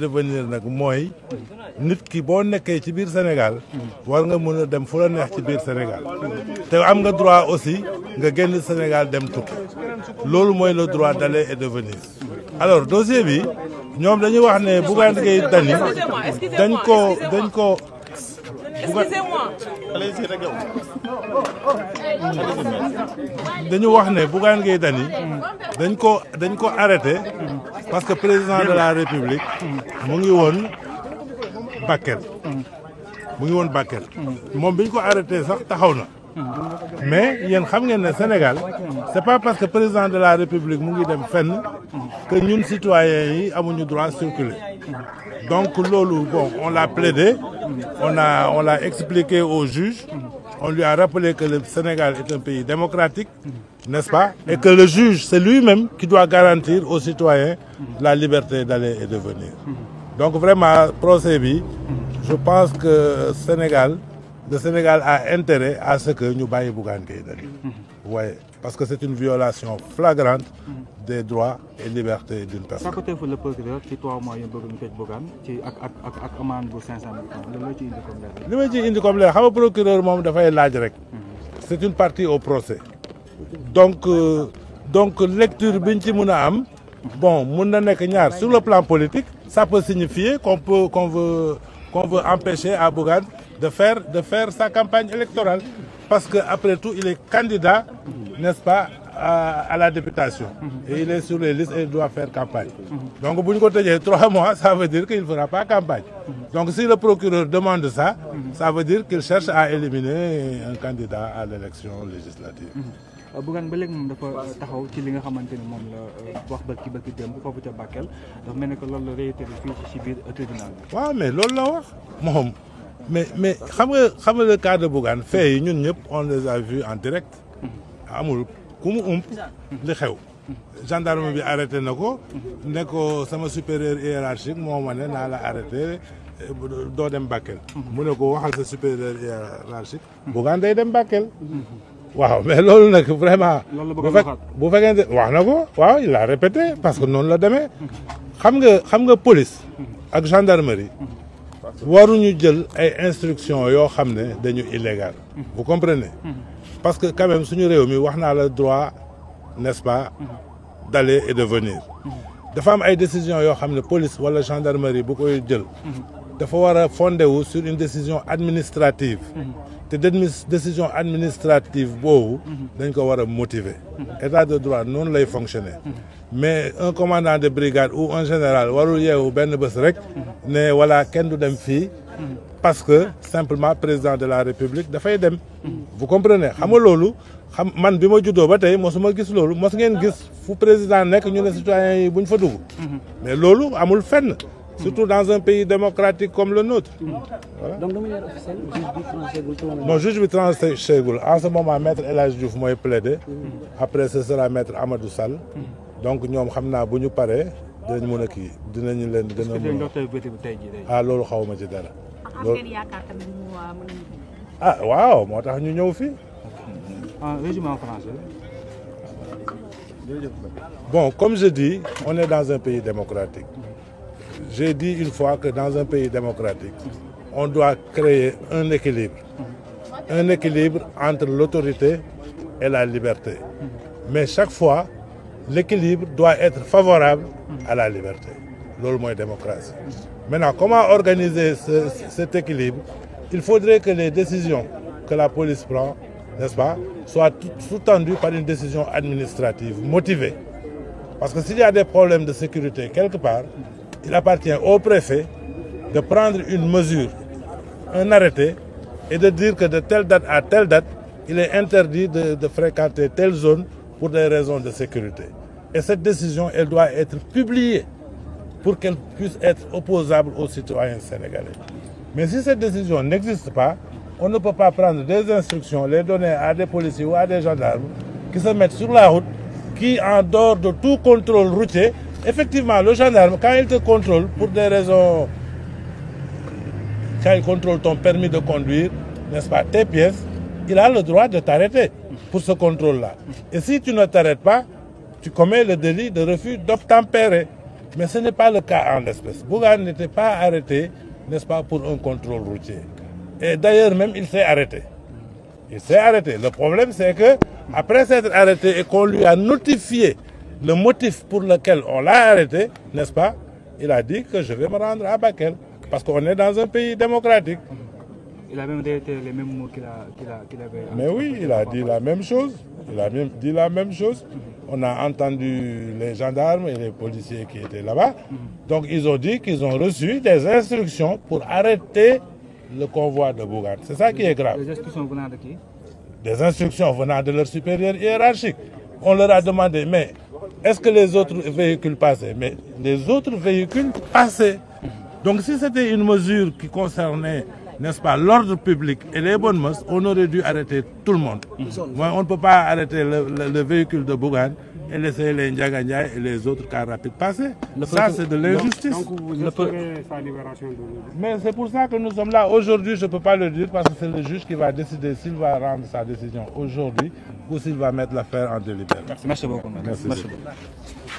devenir nag mooy nit ki boo nekkee ci biir Sénégal war nga mën a dem fu la neex ci biir Sénégal te am nga droit aussi nga génn Sénégal dem tukki loolu mooy le droit d'aller et alors dossier bi ñoom dañuy wax ne Bougane dañ ko dañ ko dañu wax ne Bougane Gueye Dany dañ ko dañ ko arrêté parce que président de la république mu ngi woon Bakel mu ngi woon Bakel moom bi ñu ko arrêté sax taxaw na mais yéen xam ngeen ne Sénégal c'est pas parce que président de la république mu ngi dem fen que ñun citoyens yi amuñu droit circuler donc loolu bon on l'a plaidé on a on l'a expliqué au juge on lui a rappelé que le Sénégal est un pays démocratique, mm. n'est-ce pas mm. Et que le juge, c'est lui-même qui doit garantir aux citoyens mm. la liberté d'aller et de venir. Donc vraiment, procès bi, je pense que Sénégal, le Sénégal a intérêt à ce que nous baillons Bougane Vous voyez Parce que c'est une violation flagrante des droits et libertés d'une personne. ci ak ak ak ak amende bu cinq cent mille ma ciy indi comme leer. li ma ciy indi comme leer xam nga procureur moom dafay laaj rek. c'est une partie au procès. donc euh, donc lecture bi ñu ci mun a am. bon mun na nekk ñaar sur le plan politique. ça peut signifier qu'on peut qu'on veut empêcher à Bougane de faire de faire sa campagne électorale parce que après tout il est candidat nest pas à, à la députation. Et il est sur les listes et il doit faire campagne. Donc, pour nous trois mois, ça veut dire qu'il ne fera pas campagne. Donc, si le procureur demande ça, ça veut dire qu'il cherche à éliminer un candidat à l'élection législative. Euh, Bougane ba léegi moom dafa euh, taxaw ci li nga xamante ni moom euh, wax ba kii ba kii démb ni que loolu la réitéré fii ci biir tribunal mais loolu la wax moom mais mais xam nga xam nga le cas de Bougane fait yi ñun ñëpp on les a en direct amul. ku ump li xew gendarme bi arrêté na ko ne ko sama supérieur hiérarchique moo ma ne naa la arrêté doo dem Bakel mu ne ko waxal sa supérieur hiérarchique Bougane day dem Bakel waaw mais loolu nag vraiment bu fekkente wax na ko waaw il a répété parce que noonu la demee xam nga xam nga police ak gendarmerie waruñu jël ay instructions yoo xam ne dañu illégal vous comprenez parce que quand suñu réew mi wax naa la droit n'est-ce pas d'aller et dafa am ay décisions yoo xam ne police wala gendarmerie bu koy jël dafa war a fondé wu sur une décision administrative te décision administrative boobu mhm. dañ ko war a motiver mhm. état de droit noonu lay fonctionner mhm. mais un commandant de brigade ou un général warul yeewu benn bës rek ne voilà kenn du dem fii parce que simplement président de la république dafay dem vous comprenez xam nga loolu xam man bi ma juddoo ba tey mosuma gis loolu mos ngeen ah. gis fu président nekk ñu ne citoyens yi buñ fa dugg mais loolu amul fenn surtout dans un pays démocratique comme le nôtre. Hmm. voilà donc de manière officielle juge bi tranchégul en ce moment El Hadj Diouf mooy plaider. Hmm. après ce sera maître Amadou Sall. Hmm. donc ñoom xam naa bu ñu paree dinañ mën a kii dinañu leen gën a. mën a ah loolu xaw ma ci dara. loolu ah, ah waaw moo tax ñu ñëw fii. Ah, bon comme je dis on est dans un pays démocratique. J'ai dit une fois que dans un pays démocratique, on doit créer un équilibre. Un équilibre entre l'autorité et la liberté. Mais chaque fois, l'équilibre doit être favorable à la liberté. loolu mooy démocratie. Maintenant, comment organiser ce, cet équilibre? Il faudrait que les décisions que la police prend, n'est-ce pas, soient sous-tendues par une décision administrative motivée. Parce que s'il y a des problèmes de sécurité quelque part, il appartient au préfet de prendre une mesure, en arrêté, et de dire que de telle date à telle date, il est interdit de, de fréquenter telle zone pour des raisons de sécurité. Et cette décision, elle doit être publiée pour qu'elle puisse être opposable aux citoyens sénégalais. Mais si cette décision n'existe pas, on ne peut pas prendre des instructions, les donner à des policiers ou à des gendarmes qui se mettent sur la route, qui, en dehors de tout contrôle routier, effectivement le gendarme quand il te contrôle pour des raisons quand il contrôle ton permis de conduire n'est-ce pas tes pièces il a le droit de t'arrêter pour ce contrôle-là et si tu ne t'arrêtes pas tu commets le délit de refus d'obtempérer mais ce n'est pas le cas en l'espèce Bougane n'était pas arrêté n'est-ce pas pour un contrôle routier et d'ailleurs même il s'est arrêté il s'est arrêté le problème c'est que après s'être arrêté et qu'on a le motif pour lequel on l'a arrêté, n'est-ce pas Il a dit que je vais me rendre à Bakel, parce qu'on est dans un pays démocratique. Il a même dit les mêmes mots qu'il qu qu avait... Mais oui, il a dit la même chose. Il a même dit la même chose. On a entendu les gendarmes et les policiers qui étaient là-bas. Donc ils ont dit qu'ils ont reçu des instructions pour arrêter le convoi de Bougan. C'est ça qui est grave. Des instructions venant de qui Des instructions venant de leur supérieur hiérarchique. On leur a demandé, mais est-ce que les autres véhicules passaient Mais les autres véhicules passaient. Donc si c'était une mesure qui concernait, n'est-ce pas, l'ordre public et les bonnes mœurs, on aurait dû arrêter tout le monde. Moi, on ne peut pas arrêter le, le, le véhicule de Bougane et laisser les Ndiaga Ndiaye et les autres de l'injustice. mais c'est pour ça que nous sommes là aujourd'hui je peux pas le dire parce que c'est le juge qui va décider s'il va rendre sa décision aujourd'hui ou s'il va mettre l'affaire en délibéré. merci beaucoup merci beaucoup.